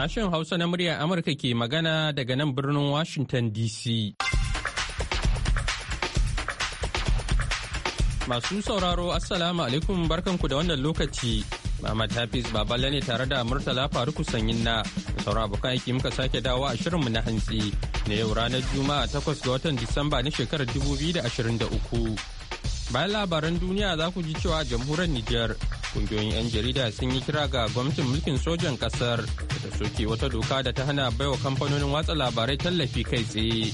Sashen Hausa na muryar Amurka ke magana daga nan birnin Washington DC. Masu sauraro Assalamu alaikum barkanku da wannan lokaci. Muhammad Hafiz Baballe ne tare da Murtala Faruku Sanyin na sauran abokan aiki muka sake dawo a shirinmu na hantsi na yau ranar Juma'a 8 ga watan Disamba na shekarar 2023. Bayan labaran duniya za ku ji cewa jamhuriyar Nijar kungiyoyin 'yan jarida sun yi kira ga gwamnatin mulkin sojan kasar da soke wata doka da ta hana baiwa kamfanonin watsa labarai tallafi kai tsaye.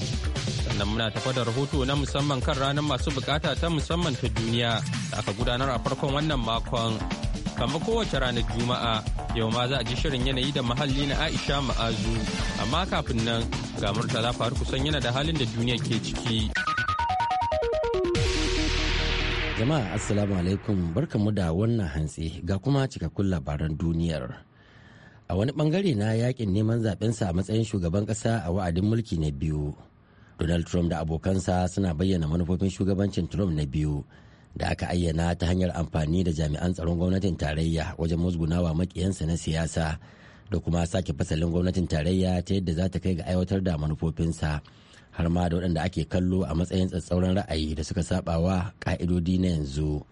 Sannan muna tafa da rahoto na musamman kan ranar masu bukata ta musamman ta duniya da aka gudanar a farkon wannan makon. Kamar kowace ranar Juma'a yau ma za a ji shirin yanayi da muhalli na Aisha Ma'azu amma kafin nan ga Murtala faru kusan yana da halin da duniya ke ciki. Jama'a Assalamu alaikum mu da wannan hantsi ga kuma cikakkun labaran duniyar. A wani bangare na yakin neman zaɓensa a matsayin shugaban ƙasa a wa'adin mulki na biyu. Donald Trump da abokansa suna bayyana manufofin shugabancin Trump na biyu da aka ayyana ta hanyar amfani da jami'an tsaron gwamnatin tarayya wajen musgunawa makiyansa na siyasa da kuma sake fasalin gwamnatin tarayya ta yadda za ta kai ga aiwatar da manufofinsa. har ma da waɗanda ake kallo a matsayin tsatsauran ra'ayi da suka sabawa ka'idodi na yanzu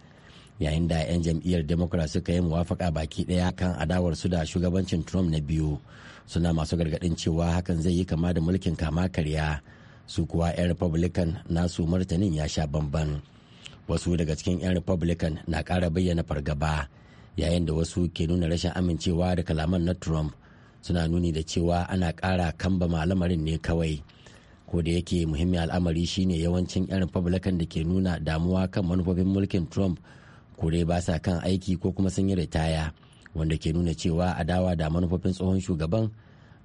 yayin da 'yan jam'iyyar democrat suka yi muwafaka baki ɗaya kan adawar su da shugabancin trump na biyu suna masu gargaɗin cewa hakan zai yi kama da mulkin kama karya su kuwa 'yan republican nasu martanin ya sha bamban wasu daga cikin 'yan republican na ƙara bayyana fargaba yayin da wasu ke nuna rashin amincewa da kalaman na trump suna nuni da cewa ana ƙara kamba malamarin ne kawai ko da yake muhimmin al'amari shine yawancin 'yan republican da ke nuna damuwa kan manufofin mulkin trump ko dai ba sa kan aiki ko kuma sun yi ritaya wanda ke nuna cewa adawa da manufofin tsohon shugaban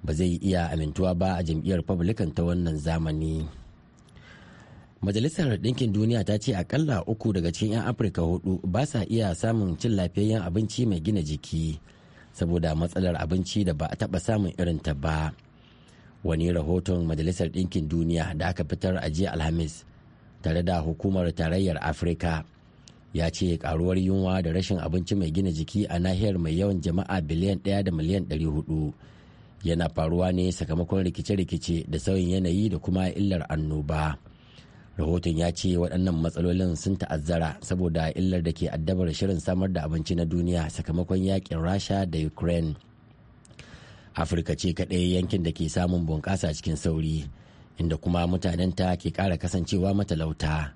ba zai iya amintuwa ba a jam'iyyar republican ta wannan zamani majalisar ɗinkin duniya ta ce akalla uku daga cikin 'yan afirka hudu ba sa iya samun cin lafiyayyen abinci mai gina jiki saboda matsalar abinci da ba a taɓa samun irin ta ba wani rahoton majalisar ɗinkin duniya da aka fitar a jiya alhamis tare da hukumar tarayyar afirka ya ce karuwar yunwa da rashin abinci mai gina jiki a nahiyar mai yawan jama'a biliyan ɗaya da miliyan ɗari hudu yana faruwa ne sakamakon rikice-rikice da sauyin yanayi da kuma illar annoba rahoton ya ce waɗannan matsalolin sun ta'azzara saboda illar da ke addabar shirin samar da abinci na duniya sakamakon yakin rasha da ukraine afirka ce kaɗai yankin da ke samun bunƙasa cikin sauri inda kuma mutanenta ke kara kasancewa matalauta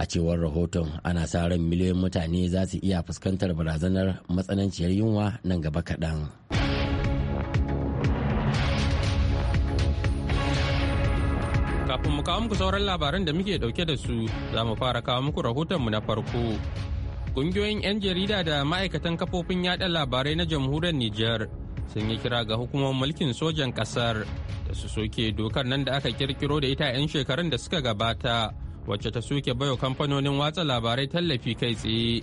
a cewar rahoton ana sa ran miliyoyin mutane za su iya fuskantar barazanar matsananciyar yunwa nan gaba kaɗan kafin mu kawo muku sauran labaran da muke ɗauke da su za mu fara kawo muku rahotonmu na farko Ƙungiyoyin 'yan jarida da ma'aikatan kafofin yaɗa labarai na jamhuriyar Nijar sun yi kira ga hukumar mulkin sojan kasar da su soke dokar nan da aka kirkiro da ita 'yan shekarun da suka gabata wacce ta soke bayo kamfanonin watsa labarai tallafi kai tsaye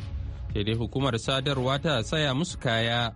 sai dai hukumar sadarwa ta saya musu kaya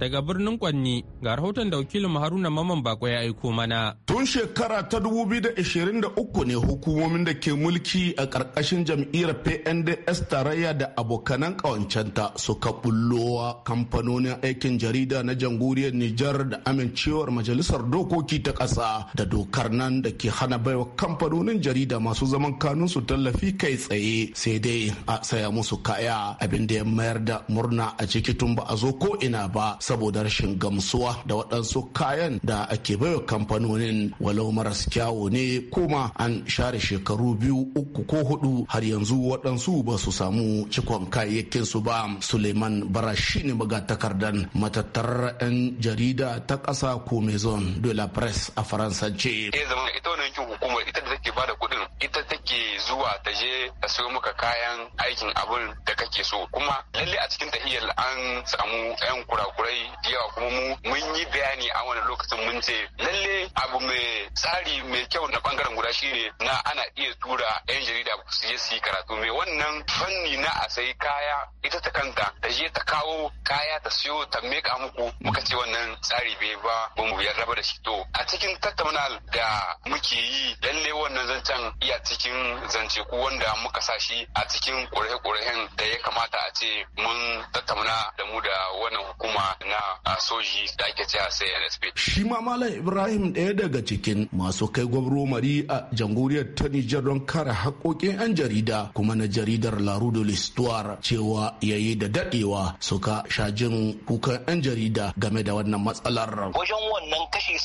Daga birnin Kwanni ga rahoton da wakilin Haruna Maman Bako ya aiko mana. Tun shekara ta 2023 ne hukumomin da ke mulki a ƙarƙashin jam'iyyar PNDS tarayya da abokanan ƙawancenta suka bullowa kamfanonin aikin jarida na jamhuriyar Nijar da amincewar majalisar dokoki ta ƙasa da dokar nan da ke hana baiwa kamfanonin jarida masu zaman su tallafi kai tsaye sai dai a saya musu kaya abin da ya mayar da murna a ciki tun ba a zo ko ina ba saboda rashin gamsuwa da waɗansu kayan da ake baiwa kamfanonin walau maras kyawu ne kuma an share shekaru biyu uku ko hudu har yanzu waɗansu ba su samu cikon kayayyakin su ba suleiman bara shine ne magatakardan matattar 'yan jarida ta ƙasa ko maison de la presse a faransance eh, ita ita da take bada kuɗin ita take zuwa ta je ta sayo maka kayan aikin abin da kake so kuma lalle a cikin tahiyar an samu 'yan kurakurai yawa kuma mu mun yi bayani a wani lokacin mun ce lalle abu mai tsari mai kyau na bangaren guda shine na ana iya tura yan jarida su je su yi karatu mai wannan fanni na a sayi kaya ita ta kanta ta je ta kawo kaya ta siyo ta meka muku muka ce wannan tsari bai ba ba mu biyar raba da shi to a cikin tattauna da muke yi lalle wannan zancen iya cikin zance ku wanda muka sa shi a cikin kurahe-kurahen da ya kamata a ce mun tattauna da mu da wannan hukuma na soji da ake cewa CNSP. Shi ma Malam Ibrahim ɗaya daga cikin masu kai mari a jamhuriyar ta Nijar don kare haƙoƙin 'yan jarida kuma na jaridar Larudo l'Histoire cewa yayi da daɗewa suka sha jin kukan 'yan jarida game da wannan matsalar. Wajen wannan kashi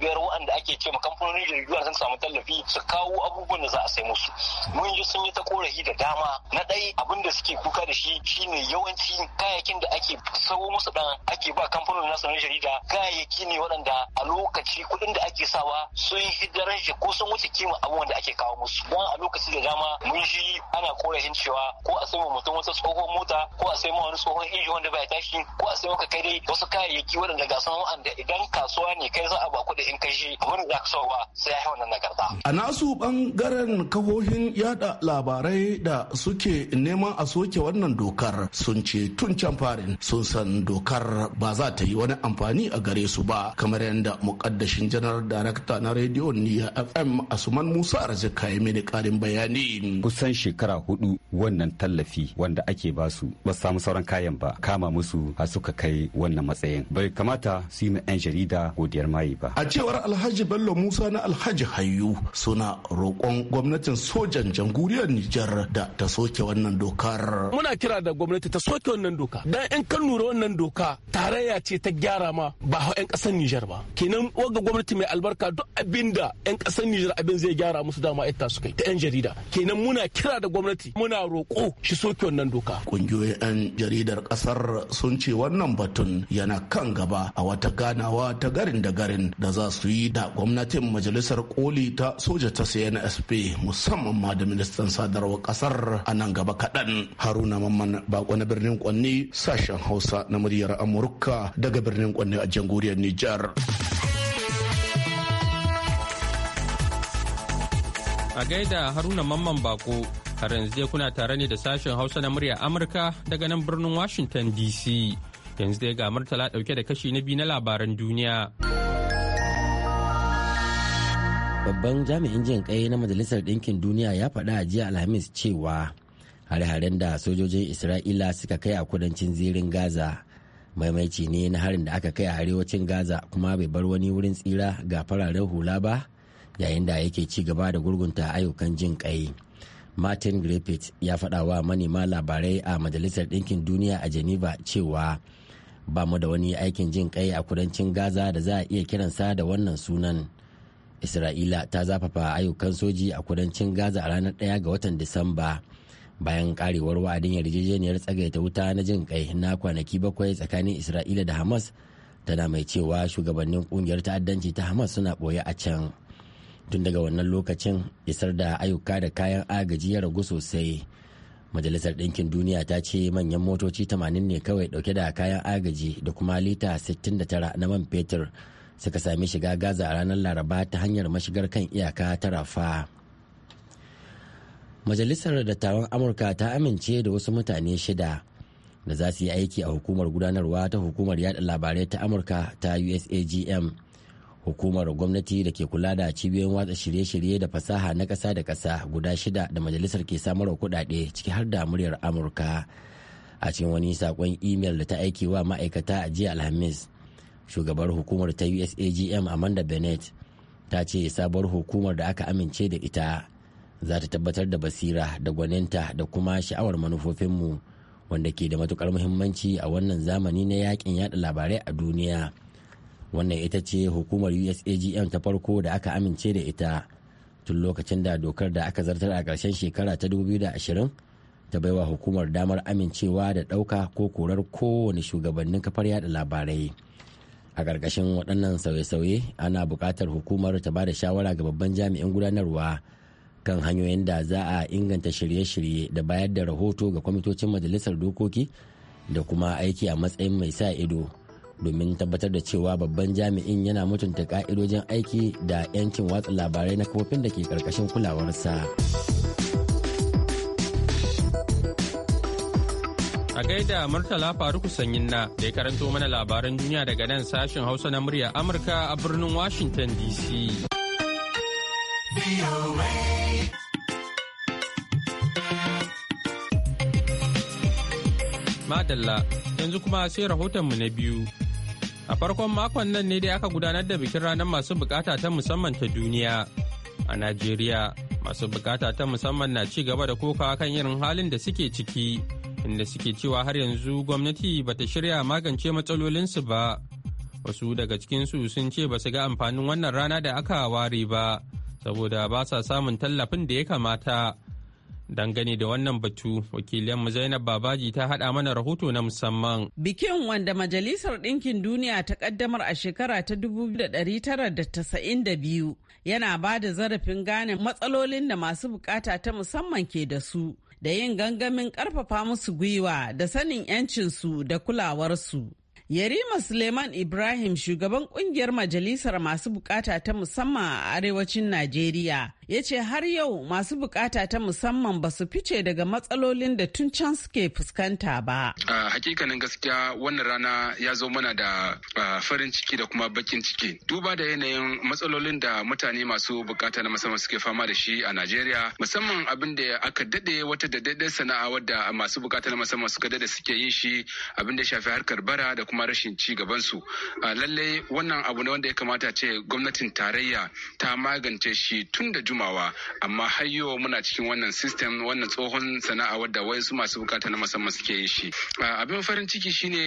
biyar waɗanda ake ce kamfanonin jaridu sun samu tallafi su kawo abubuwan da za a sai musu. Mun ji sun yi ta korafi da dama na ɗai abin da suke kuka da shi shine yawanci kayayyakin da ake sawo musu ɗan ake ba kamfanin nasu na jarida kayayyaki ne waɗanda a lokaci kuɗin da ake sawa sun yi daraja ko sun wuce kima abubuwan da ake kawo musu Wani a lokaci da dama mun ji ana korafin cewa ko a sayi mutum wata tsohon mota ko a sayi wani tsohon inji wanda bai tashi ko a sayi maka kai dai wasu kayayyaki waɗanda ga sun wa'anda idan kasuwa ne kai za a ba kuɗi in kai shi abin da za ka sai ya yi wannan nagarta. a nasu ɓangaren kahohin yada labarai da suke neman a soke wannan dokar sun ce tun can farin sun san dokar ba za ta yi wani amfani a gare su ba kamar yadda mukaddashin janar darakta na rediyo niya fm asuman musa arzika ya mini karin bayani kusan shekara hudu wannan tallafi wanda ake basu ba samu sauran kayan ba kama musu a suka kai wannan matsayin bai kamata su yi 'yan jarida godiyar mayi ba a cewar alhaji bello musa na alhaji hayu suna roƙon gwamnatin sojan jamhuriyar nijar da ta soke wannan dokar muna kira da gwamnati ta soke wannan doka dan in kan lura wannan doka tarayya ce ta gyara ma ba 'yan ƙasar Nijar ba. Kenan waga gwamnati mai albarka duk abin da 'yan ƙasar Nijar abin zai gyara musu dama ita su kai ta 'yan jarida. Kenan muna kira da gwamnati muna roƙo shi soke wannan doka. Ƙungiyoyin 'yan jaridar ƙasar sun ce wannan batun yana kan gaba a wata ganawa ta garin da garin da za su yi da gwamnatin majalisar koli ta soja ta CNSP musamman ma da ministan sadarwar kasar a nan gaba kaɗan. Haruna Mamman Bako birnin Kwanni sashen Hausa na muryar Amurka. amurka daga birnin kwanne a jamhuriyar nijar a gaida haruna mamman bako har yanzu kuna tare ne da sashen hausa na murya amurka daga nan birnin washington dc yanzu dai ga murtala dauke da kashi na biyu na labaran duniya babban jami'in jin kai na majalisar ɗinkin duniya ya faɗa a jiya alhamis cewa hare-haren da sojojin isra'ila suka kai a kudancin zirin gaza maimaici ne na harin da aka kai a arewacin gaza kuma bai bar wani wurin tsira ga fararen hula ba yayin da yake ci gaba da gurgunta ayyukan jin kai martin griffith ya faɗa wa manema labarai a majalisar ɗinkin duniya a geneva cewa ba mu da wani aikin jin kai a kudancin gaza da za a iya kiransa da wannan sunan isra'ila ta zafafa ayyukan soji a kudancin gaza a ranar 1 ga watan disamba bayan karewar wa'adin yarjejeniyar tsagaita wuta na jin kai na kwanaki bakwai tsakanin isra'ila da hamas tana mai cewa shugabannin kungiyar ta'addanci ta hamas suna ɓoye a can tun daga wannan lokacin isar da ayyuka da kayan agaji ya ragu sosai majalisar ɗinkin duniya ta ce manyan motoci 80 ne kawai ɗauke da kayan agaji da kuma lita 69 na man fetur suka sami shiga gaza a ranar laraba ta hanyar mashigar kan iyaka ta rafa majalisar dattawan amurka ta amince da wasu mutane shida da za su yi aiki a hukumar gudanarwa ta hukumar yada labarai ta amurka ta usagm hukumar gwamnati da ke kula da cibiyoyin watsa shirye-shirye da fasaha na ƙasa da ƙasa guda shida da majalisar ke samar wa kuɗaɗe ciki har da muryar amurka a cikin wani sakon imel da ta aiki wa ma'aikata a jiya alhamis shugabar hukumar ta usagm amanda bennett ta ce sabuwar hukumar da aka amince da ita za ta tabbatar da basira da gwaninta da kuma sha'awar manufofinmu wanda ke da matukar muhimmanci a wannan zamani na yakin yada labarai a duniya wannan ita ce hukumar usagm ta farko da aka amince da ita tun lokacin da dokar da aka zartar a ƙarshen shekara ta 2020 ta baiwa hukumar damar amincewa da ɗauka ko korar kowane shugabannin kafar yada labarai a ƙarƙashin waɗannan sauye-sauye ana buƙatar hukumar ta ba da shawara ga babban jami'in gudanarwa kan hanyoyin da za a inganta shirye-shirye da bayar da rahoto ga kwamitocin majalisar dokoki da kuma aiki a matsayin mai sa ido domin tabbatar da cewa babban jami'in yana mutunta ka'idojin aiki da 'yancin watsa labarai na kafofin da ke karkashin kulawarsa. A gaida Murtala Faruku Sanyin na da ya karanto mana labaran duniya daga nan sashen Hausa na murya Amurka a birnin Washington DC. Madalla yanzu kuma sai rahotonmu na biyu. A farkon makon nan ne dai aka gudanar da bikin ranar masu bukata ta musamman ta duniya. A Najeriya, masu bukata ta musamman na ci gaba da kokawa kan irin halin da suke ciki, inda suke cewa har yanzu gwamnati bata shirya magance matsalolinsu ba. Wasu daga cikinsu sun ce ba su ga amfanin wannan rana da aka ware ba, saboda ba sa samun tallafin da ya kamata. Dangane da wannan batu, wakilinmu Zainab Babaji ta haɗa mana rahoto na musamman. Bikin wanda Majalisar Ɗinkin Duniya ta ƙaddamar a shekara ta 1992 yana ba da zarafin gane matsalolin da masu bukata ta musamman ke da su, da yin gangamin ƙarfafa musu gwiwa da sanin 'yancinsu da kulawarsu. Yarima Suleiman Ibrahim shugaban kungiyar majalisar masu bukata ta musamman a arewacin Najeriya ya ce har yau masu bukata ta musamman ba su fice daga matsalolin da tun can suke fuskanta ba. A hakikanin gaskiya wannan rana ya zo mana da farin ciki da kuma bakin ciki duba da yanayin matsalolin da mutane masu bukata na musamman suke fama da shi a najeriya musamman abin da aka dade wata dade sana'a wadda masu bukata na musamman suka dade suke yin shi abin da shafi harkar bara da kuma rashin ci gaban su lallai wannan abu ne wanda ya kamata ce gwamnatin tarayya ta magance shi tun da jimawa amma har yau muna cikin wannan system wannan tsohon sana'a wadda wai su masu bukata na musamman suke yin shi abin farin ciki shine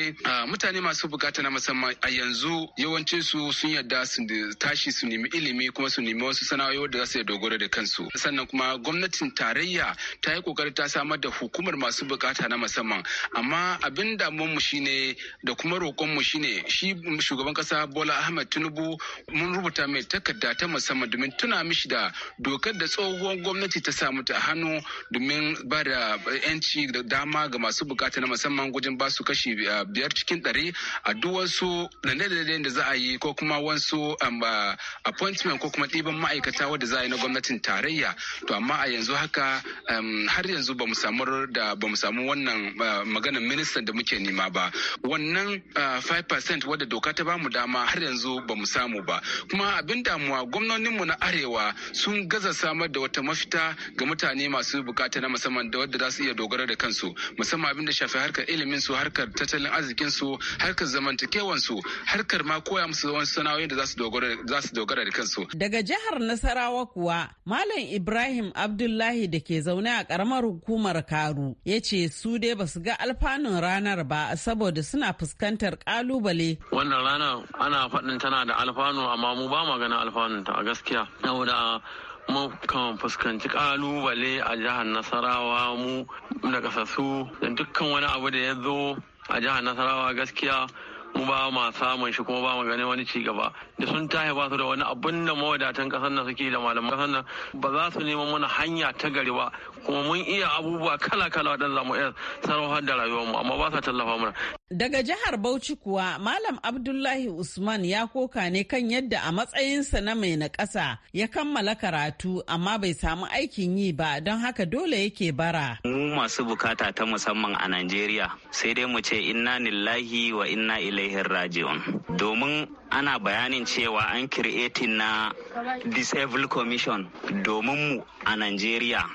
mutane masu bukata na musamman a yanzu yawancin su sun yarda su tashi su nemi ilimi kuma su nemi wasu sana'o'i wadda za su dogara da kansu sannan kuma gwamnatin tarayya ta yi kokari ta samar da hukumar masu bukata na musamman amma abin damuwar mu shine da kuma roƙon mu shine shi shugaban kasa Bola Ahmed Tinubu mun rubuta mai takarda ta musamman domin tuna mishi da dokar da tsohuwar gwamnati ta samu ta hannu domin ba da 'yanci da dama ga masu bukata na musamman gujin ba su kashi eh, biyar cikin ɗari a duk wasu nanadaden da za a yi ko kuma wasu um, appointment ko kuma ɗiban ma'aikata wadda za a yi na gwamnatin tarayya to amma a yanzu haka um, har yanzu ba mu samu da ba mu samu wannan maganar ministan da muke nema ba wannan 5% eh, wadda doka ta bamu dama har yanzu ba mu samu ba kuma abin damuwa gwamnoninmu na arewa sun gaza samar da wata mafita ga mutane masu bukata na musamman da wadda za su iya dogara da kansu musamman abin da shafi harkar ilimin su harkar tattalin arzikin su harkar zamantakewan su harkar ma koya musu wani sana'o'i da za su dogara da kansu daga jihar nasarawa kuwa malam ibrahim abdullahi da ke zaune a karamar hukumar karu ya ce su dai ba su ga alfanun ranar ba saboda suna fuskantar kalubale wannan rana ana faɗin tana da alfanu amma mu ba ma ganin alfanun ta a gaskiya saboda mukan fuskanci kalubale a jihar nasarawa mu na kasassu da dukkan wani abu da ya zo a jihar nasarawa gaskiya mu ba ma samun shi kuma ba mu ganin wani ci gaba da sun tahi ba su da wani abun da mawadatan kasar nan suke da malaman kasar nan ba za su neman mana hanya ta gari ba kuma mun iya abubuwa kala kala wadan zamu iya sarrafa da rayuwar mu amma ba sa tallafa mana daga jihar Bauchi kuwa malam Abdullahi Usman ya koka ne kan yadda a matsayinsa na mai na ƙasa ya kammala karatu amma bai samu aikin yi ba don haka dole yake bara mu masu bukata ta musamman a Najeriya sai dai mu ce inna lillahi wa inna ilaihi tarihin raji'un domin ana bayanin cewa an kiretin na disabled commission domin mu a Najeriya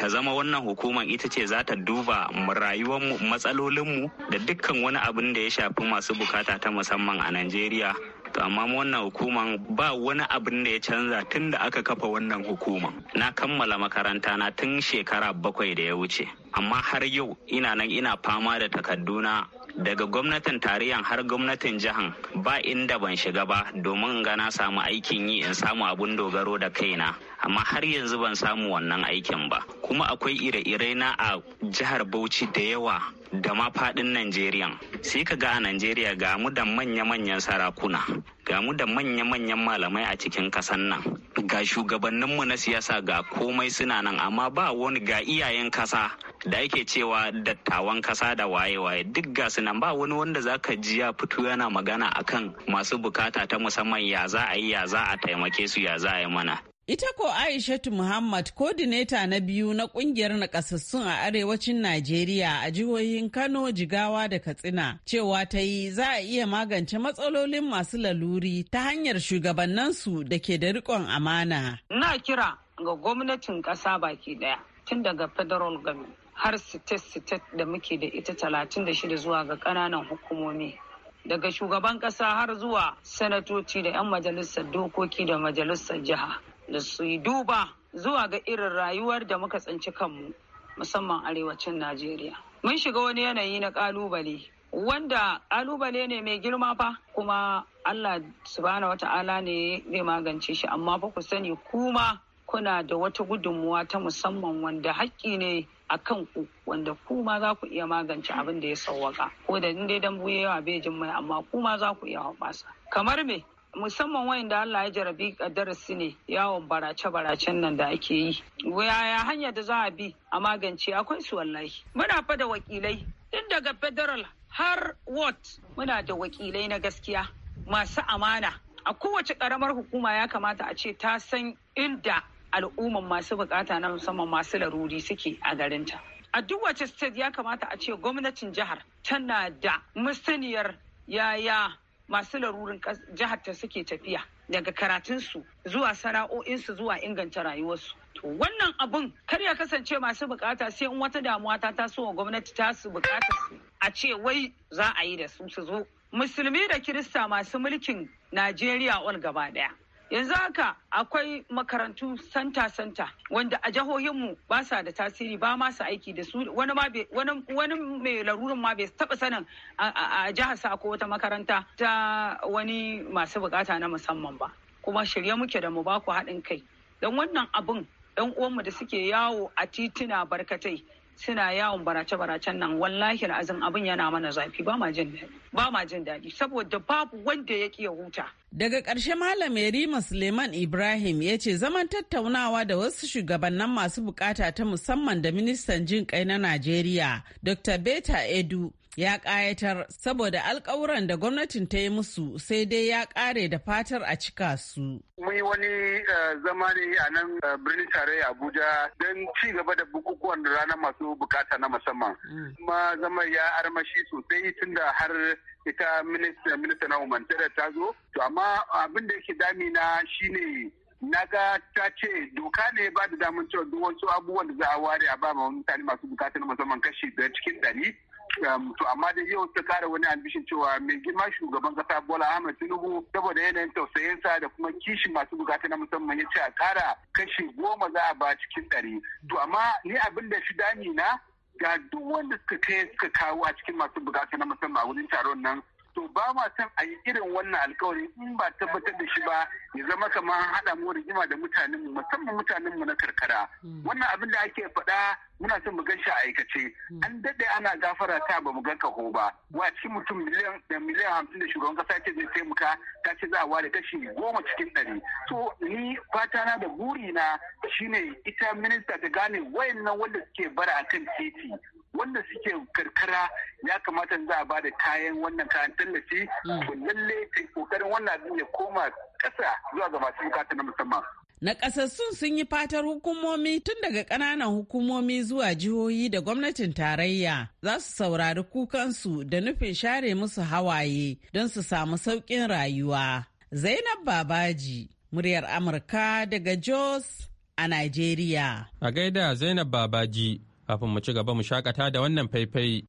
ta zama wannan hukumar ita ce za ta duba rayuwarmu matsalolinmu da dukkan wani abin da ya shafi masu bukata ta musamman a Najeriya to amma wannan hukuman ba wani abin da ya canza tun da aka kafa wannan hukuman na kammala makaranta na tun shekara bakwai da ya wuce amma har yau ina nan ina fama da takarduna daga gwamnatin tarayyan har gwamnatin jihan ba inda ban shiga ba domin in ga na samu aikin yi in samu abun dogaro da kaina amma har yanzu ban samu wannan aikin ba kuma akwai ire-ire na a jihar bauchi da yawa da ma faɗin Najeriya. Sai ka ga a Najeriya ga mu da manya-manyan sarakuna, ga mu da manya-manyan malamai a cikin kasan nan. Ga shugabanninmu na siyasa ga komai suna nan amma ba wani ga iyayen kasa da yake cewa dattawan kasa da waye-waye duk gas nan ba wani wanda zaka ji ya fito yana magana akan masu bukata ta musamman ya za a yi ya za a taimake su ya za a yi mana Ita ko Aishatu Muhammad kodineta na biyu na kungiyar nakasassun a arewacin Najeriya a jihohin Kano, Jigawa da Katsina cewa ta yi za a iya magance matsalolin masu laluri ta hanyar shugabannansu da ke da rikon amana. Na kira ga gwamnatin ƙasa baki ɗaya tun daga federal government har state-state da muke da ita 36 zuwa ga kananan hukumomi. daga shugaban kasa har zuwa sanatoci da 'yan majalisar dokoki da majalisar jiha da su yi duba zuwa ga irin rayuwar da muka tsinci kanmu musamman arewacin najeriya mun shiga wani yanayi na kalubale wanda kalubale ne mai girma fa kuma allah subhanahu wata'ala ne zai magance shi amma fa ku sani kuma kuna da wata gudunmuwa ta musamman wanda haƙƙi ne a kan ku wanda ku ma za ku iya magance abin da ya sauwaka ko da in dai dambu ya yawa bai jin mai amma ku ma za ku iya hoɓasa kamar me musamman da Allah ya jarabi darasi ne yawon barace-baracen nan da ake yi yaya hanyar da za a bi a magance akwai su wallahi muna fa da wakilai tun daga federal har what muna da wakilai na gaskiya masu amana a kowace karamar hukuma ya kamata a ce ta san inda al'umman masu bukata na musamman masu laruri suke a garinta. A duk wace state ya kamata a ce gwamnatin jihar tana da musaniyar yaya masu larurin jihar ta suke tafiya daga karatunsu zuwa sana'o'insu zuwa inganta rayuwarsu. To wannan abun kar ya kasance masu bukata sai in wata damuwa ta taso wa gwamnati ta su bukata su a ce wai za a yi da su su zo. Musulmi da Kirista masu mulkin Najeriya all gaba daya. yanzu haka akwai makarantu santa-santa wanda a jihohinmu ba sa da tasiri ba masu aiki da su wani mai larurin ma bai taba sanin a jihar ko wata makaranta ta wani masu bukata na musamman ba kuma shirye muke da mu ba ku haɗin kai don wannan abin yan uwanmu da suke yawo a tituna barkatai suna yawon barace-baracen nan wallahi azin abin yana mana zafi ba ma jin daɗi ba ma jin daɗi saboda babu wanda ya ya huta daga ƙarshe malam Yarima Suleiman Ibrahim ya ce zaman tattaunawa da wasu shugabannin masu bukata ta musamman da ministan jin kai na Najeriya Dr. Beta Edu ya ƙayatar saboda alkawuran da gwamnatin ta yi musu sai dai ya ƙare da fatar a cika su. Mun yi wani eh, zama ne a nan eh, birnin tarayya Abuja don ci gaba da bukukuwan ranar masu bukata na musamman. Mm. Kuma zama ya armashi sosai tun da har ita minista na da ta zo. To amma abin da yake damina shi shine naga ta ce doka ne ba da damar cewa duk wasu abubuwan da za a ware a ba mutane masu bukata musamman kashi da cikin ɗari to amma dai yau ta kara wani ambishin cewa mai girma shugaban kasa Bola Ahmed Tinubu saboda yanayin tausayinsa da kuma kishin masu bukata na musamman ya ce a kara kashi goma za a ba cikin ɗari. To amma ni abin da shi damina ga duk wanda suka kai suka kawo a cikin masu bukata na musamman a wurin taron nan to ba ma son a yi irin wannan alkawari in ba tabbatar da shi ba ya zama kamar haɗa mu rigima da mutanen mu musamman mutanen mu na karkara hmm. wannan abin da ake faɗa muna son mu gan shi a aikace hmm. an daɗe ana gafara ta ba mu ga kaho ba wa ci mutum miliyan da miliyan hamsin da shugaban kasa ce zai taimaka ta ce za a ware kashi goma cikin ɗari To ni fata na da buri na shine ita minista ta gane wayannan wanda suke bara akan titi wanda suke karkara ya kamata za a ba da kayan wannan kayan shi mm. to lalle kokarin wannan abin ya koma ƙasa zuwa ga masu bukata na musamman Nakasassun sun yi fatar hukumomi tun daga ƙananan hukumomi zuwa jihohi da gwamnatin tarayya za su saurari kukansu da nufin share musu hawaye don su samu sauƙin rayuwa. Zainab Babaji, muryar Amurka daga Jos a Najeriya. A gaida Zainab Babaji, kafin mu ci gaba mu shakata da wannan faifai.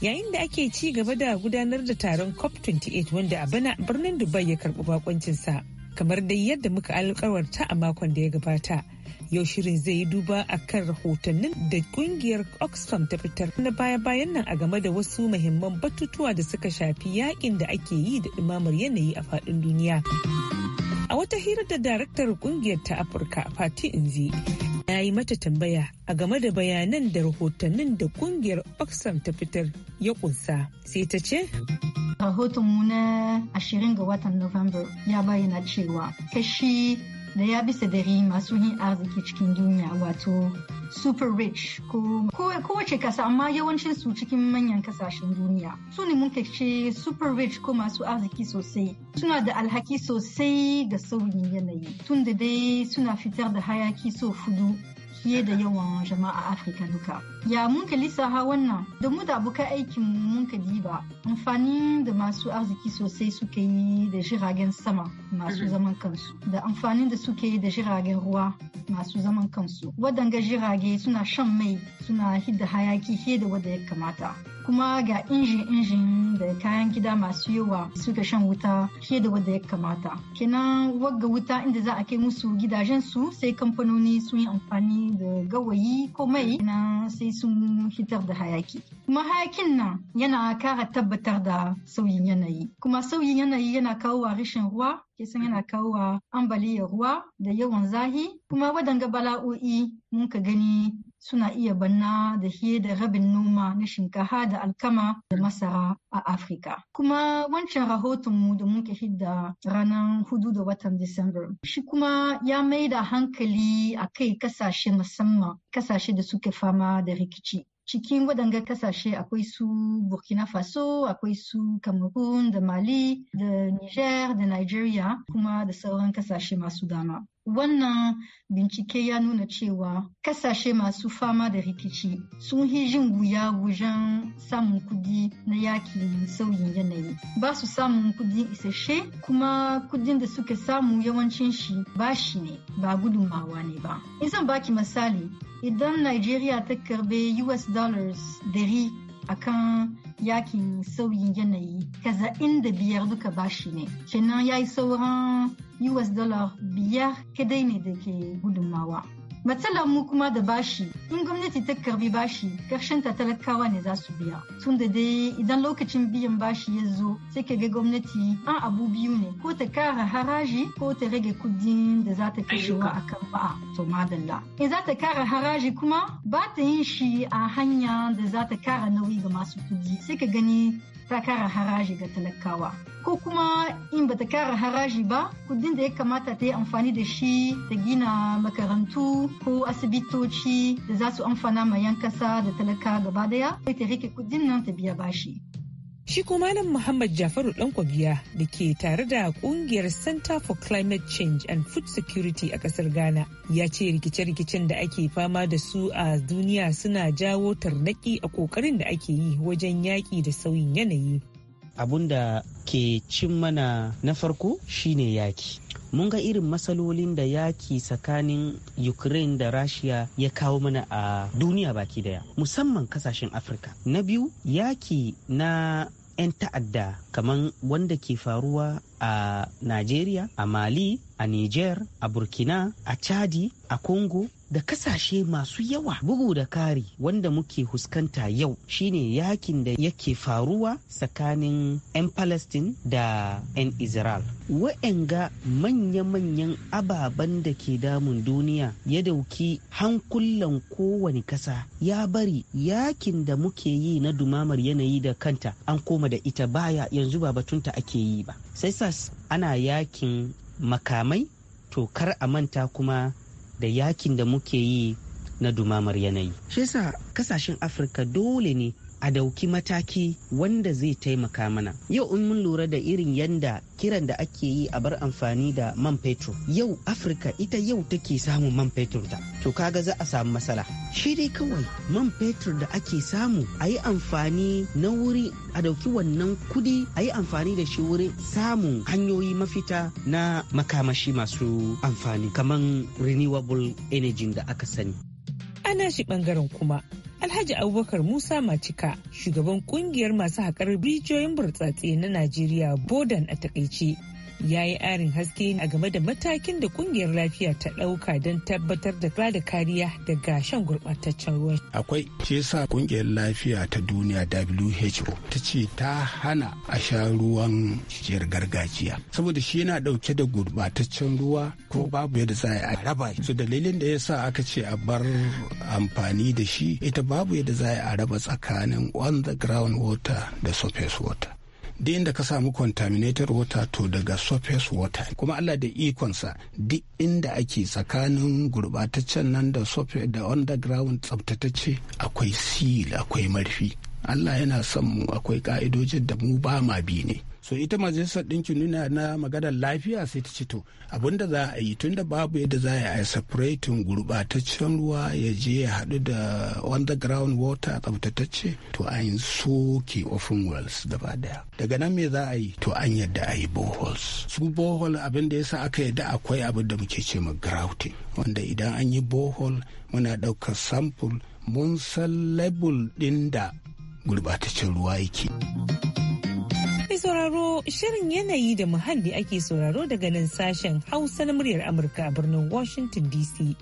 yayin da ake ci gaba da gudanar da taron cop 28 wanda a bana birnin dubai ya karbi bakoncinsa kamar dai yadda muka alkawarta a makon da ya gabata yau shirin zai yi duba a kan rahotannin da kungiyar oxfam ta fitar na baya-bayan nan a game da wasu muhimman batutuwa da suka shafi yakin da ake yi da imamar yanayi a faɗin duniya a wata hira da daraktar kungiyar ta afirka fati inzi ya yi mata tambaya a game da bayanan da rahotannin da kungiyar Oxfam ta fitar ya kunsa sai ta ce. Rahotonmu na 20 ga watan november ya bayyana cewa kashi ya bisa dari masu yin arziki cikin duniya wato super rich ko kowace kasa amma yawancin su cikin manyan kasashen duniya su ne muka ce super rich ko masu arziki sosai suna da alhaki sosai da sauyin yanayi tun da dai suna fitar da hayaki so fudu fiye da yawan jama'a afirka duka. Ya mun ka ha wannan da mu da abokan aikin mun ka diba Amfani da masu arziki sosai suke yi da jiragen sama masu mhm. zaman kansu da amfani da suke yi da jiragen ruwa masu zaman kansu. Wadanga jirage suna shan mai suna hidda hayaki fiye da wadda ya kamata. Kuma ga injin-injin da kayan gida masu yawa suka shan wuta fiye da wadda ya kamata. Kenan wagga wuta inda za a kai musu gidajensu sai kamfanoni sun yi amfani da gawayi ko mai na sai sun hitar da hayaki. Kuma hayakin nan yana kara tabbatar da sauyin yanayi. Kuma sauyin yanayi yana kawo wa rashin ruwa, kesan yana kawo wa ambaliyar ruwa da yawan zahi. Kuma wadanga bala'o'i mun ka gani suna iya banna da hiye da rabin noma na shinkafa da alkama da masara a Afrika. Kuma wancan rahotonmu da muke hidda ranar hudu da watan Disamba. Shi kuma ya mai da hankali a kai kasashe musamman kasashe da suke fama da rikici. cikin waɗanga kasashe akwai su burkina faso akwai su cameroon da mali da niger da nigeria kuma da sauran kasashe masu dama Wannan bincike ya nuna cewa kasashe masu fama da rikici sun yi jin guya samun kudi na yaki sauyin yanayi. Ba su samun kudi isasshe kuma kudin da suka samu yawancin shi bashi ne ba gudunmawa ne ba. In zan baki misali idan nigeria ta karbe US dollars dari akan yakin sauyin yanayi kaza'in da biyar duka bashi ne kenan ya yi sauran us dollar biyar kadai ne da ke gudunmawa Matsalar mu kuma da bashi in gwamnati ta karbi bashi karshen ta talakawa ne za su biya. Tun da dai idan lokacin biyan bashi ya zo sai ka ga gwamnati an abu biyu ne ko ta kara haraji ko ta rage kudin da za ta wa a kan ba'a. To madalla. In za ta kara haraji kuma ba ta yin shi a hanya da za ta kara nauyi ga masu kudi sai ka gani ta kara haraji ga talakawa ko kuma in bata kara haraji ba kudin da ya kamata ta yi amfani da shi ta gina makarantu ko asibitoci da za su amfana ma yan kasa da talaka gaba daya sai ta rike kudin nan ta biya bashi Shi kuma Malam Muhammad Jafaru Dankwabiya da ke tare da kungiyar Center for Climate Change and Food Security a kasar Ghana ya ce rikice-rikicen da ake fama da su a duniya suna jawo tarnaki a kokarin da ake yi wajen yaƙi da sauyin yanayi. Abun da ke cin mana na farko shine yaki. mun ga irin matsalolin da yaki tsakanin ukraine da rashiya ya kawo mana a duniya baki daya musamman kasashen afirka na biyu yaki na 'yan ta'adda kamar wanda ke faruwa a Nigeria, a Mali, a Niger, a Burkina, a Chadi, a Congo, da kasashe masu yawa bugu da kari wanda muke huskanta yau shine yakin da yake faruwa tsakanin 'yan palestine da 'yan israel wa'yanga manya-manyan ababen da ke damun duniya ya dauki hankulan kowane kasa ya bari yakin da muke yi na dumamar yanayi da kanta an koma da ita baya yanzu ba batunta ake yi ba sai sas ana yakin makamai to kar a manta kuma da yakin da muke yi na dumamar yanayi. Shi yasa kasashen Afirka dole ne a dauki mataki wanda zai taimaka mana yau in mun lura da irin yanda kiran da ake yi a bar amfani da man fetur yau afirka ita yau take samun man fetur ta to kaga za a samu matsala shi dai kawai man fetur da ake samu a yi amfani na wuri a dauki wannan kudi a yi amfani da shi wurin samun hanyoyi mafita na makamashi masu amfani kamar renewable energy da aka sani ana shi bangaren kuma Alhaji Abubakar Musa Macika, shugaban kungiyar masu haƙar rijiyoyin burtsatse na Najeriya Bodan a takaice, ya yi arin haske a game da matakin da kungiyar lafiya ta ɗauka don tabbatar da da kariya daga shan gurbataccen ruwan. Akwai shi yasa kungiyar lafiya ta duniya WHO ta ce ta hana a sha ruwan jiyar gargajiya saboda shi yana ɗauke da gurbataccen ruwa ko babu yadda za a raba su dalilin da yasa aka ce a bar amfani da shi ita babu yadda za a raba tsakanin on the ground water da surface water. duk inda ka samu contaminated water to daga surface water kuma Allah da ikonsa duk inda ake tsakanin gurbataccen nan da surface da underground tsabtatacce akwai seal akwai marfi Allah yana son mu akwai ka'idojin da mu ba ma bi ne so ita majalisar ɗinkin nuna na maganar lafiya sai ta ce to abinda za a yi tunda babu yadda za a yi separating gurbataccen ruwa ya je ya haɗu da underground water tsabtatacce to an soke open wells gaba daya daga nan me za a yi to an yadda a yi boreholes su borehole abin da yasa aka yadda akwai abin da muke ce ma grouting wanda idan an yi borehole muna ɗaukar sample mun san label ɗin da gurbataccen ruwa yake. sauraro shirin yanayi da muhalli ake sauraro daga nan sashen Hausa na muryar Amurka a birnin Washington DC.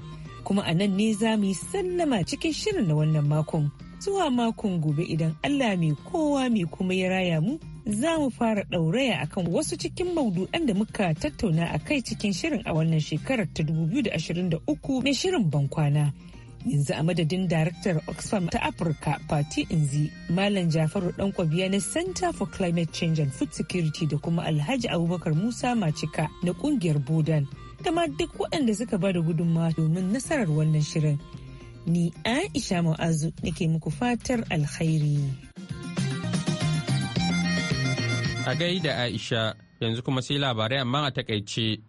Kuma a nan ne za mu yi sallama cikin shirin na wannan makon. Zuwa makon gobe idan Allah mai kowa mai kuma ya raya mu za mu fara ɗauraya akan wasu cikin maudu'an da muka tattauna a kai cikin shirin a wannan shekarar ta 2023 na shirin bankwana. yanzu a madadin daraktar oxfam ta afirka fati inzi malam jafaru dankwabiya na center for climate change and food security da kuma alhaji abubakar musa macika na kungiyar bodan da ma duk waɗanda suka ba da gudunmawa domin nasarar wannan shirin ni aisha mu'azu nake muku fatar alkhairi a gaida aisha yanzu kuma sai labarai amma a takaice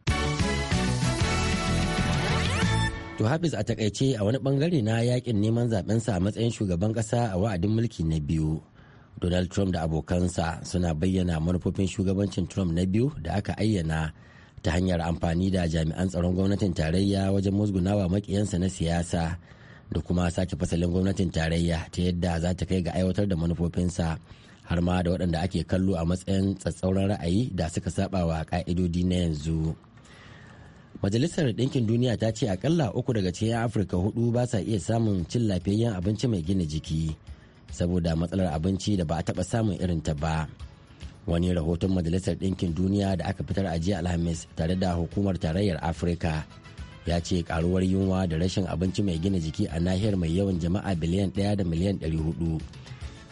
To Hafiz a takaice a wani bangare na yakin neman zabensa a matsayin shugaban kasa a wa'adin mulki na biyu. Donald Trump da abokansa suna bayyana manufofin shugabancin Trump na biyu da aka ayyana ta hanyar amfani da jami'an tsaron gwamnatin tarayya wajen musgunawa makiyansa na siyasa da kuma sake fasalin gwamnatin tarayya ta yadda za ta kai ga aiwatar da manufofinsa har ma da waɗanda ake kallo a matsayin tsatsauran ra'ayi da suka saba wa ƙa'idodi na yanzu. majalisar Dinkin duniya ta ce akalla uku daga cikin afirka hudu ba sa iya samun cin lafiyayyen abinci mai gina jiki saboda matsalar abinci da ba a taɓa samun irin ta ba wani rahoton majalisar ɗinkin duniya da aka fitar a jiya alhamis tare da hukumar tarayyar afirka ya ce karuwar yunwa da rashin abinci mai gina jiki a nahiyar mai yawan jama'a biliyan ɗaya da miliyan ɗari hudu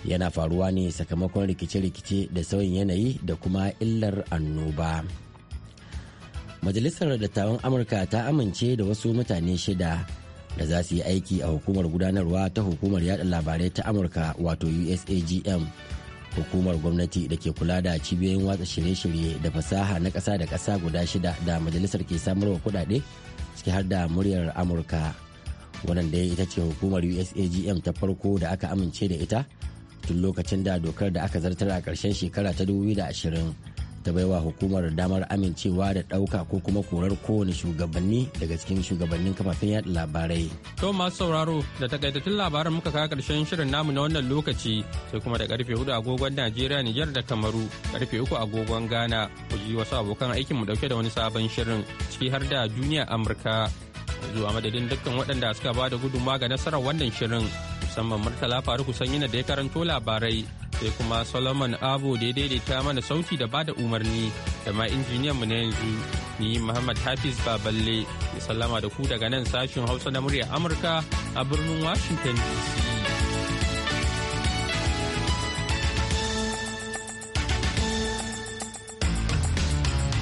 yana faruwa ne sakamakon rikice-rikice da sauyin yanayi da kuma illar annoba. majalisar dattawan amurka ta amince da wasu mutane shida da za su yi aiki a hukumar gudanarwa ta hukumar yada labarai ta amurka wato usagm hukumar gwamnati da ke kula da cibiyoyin watsa shirye-shirye da fasaha na ƙasa da ƙasa guda shida da majalisar ke samarwa kuɗaɗe ciki har da muryar amurka wannan da ita ce hukumar usagm ta farko da aka amince da ita tun lokacin da dokar da aka zartar a karshen shekara ta 2020 ta baiwa hukumar damar amincewa da ɗauka ko kuma korar kowane shugabanni daga cikin shugabannin kafafen yada labarai. To masu sauraro da takaitattun labaran muka kawo karshen shirin namu na wannan lokaci sai kuma da karfe hudu agogon Najeriya Nijar da Kamaru karfe uku agogon Ghana ku ji wasu abokan aikin mu dauke da wani sabon shirin ciki har da duniya Amurka. Zuwa madadin dukkan waɗanda suka ba da gudunmawa ga nasarar wannan shirin musamman Murtala Faruku na da ya karanto labarai sai kuma solomon abu da ya daidaita mana sauti da bada umarni da ma injiniyan mu na yanzu ni muhammad hafiz baballe ya sallama da ku daga nan sashin hausa na murya amurka a birnin washington dc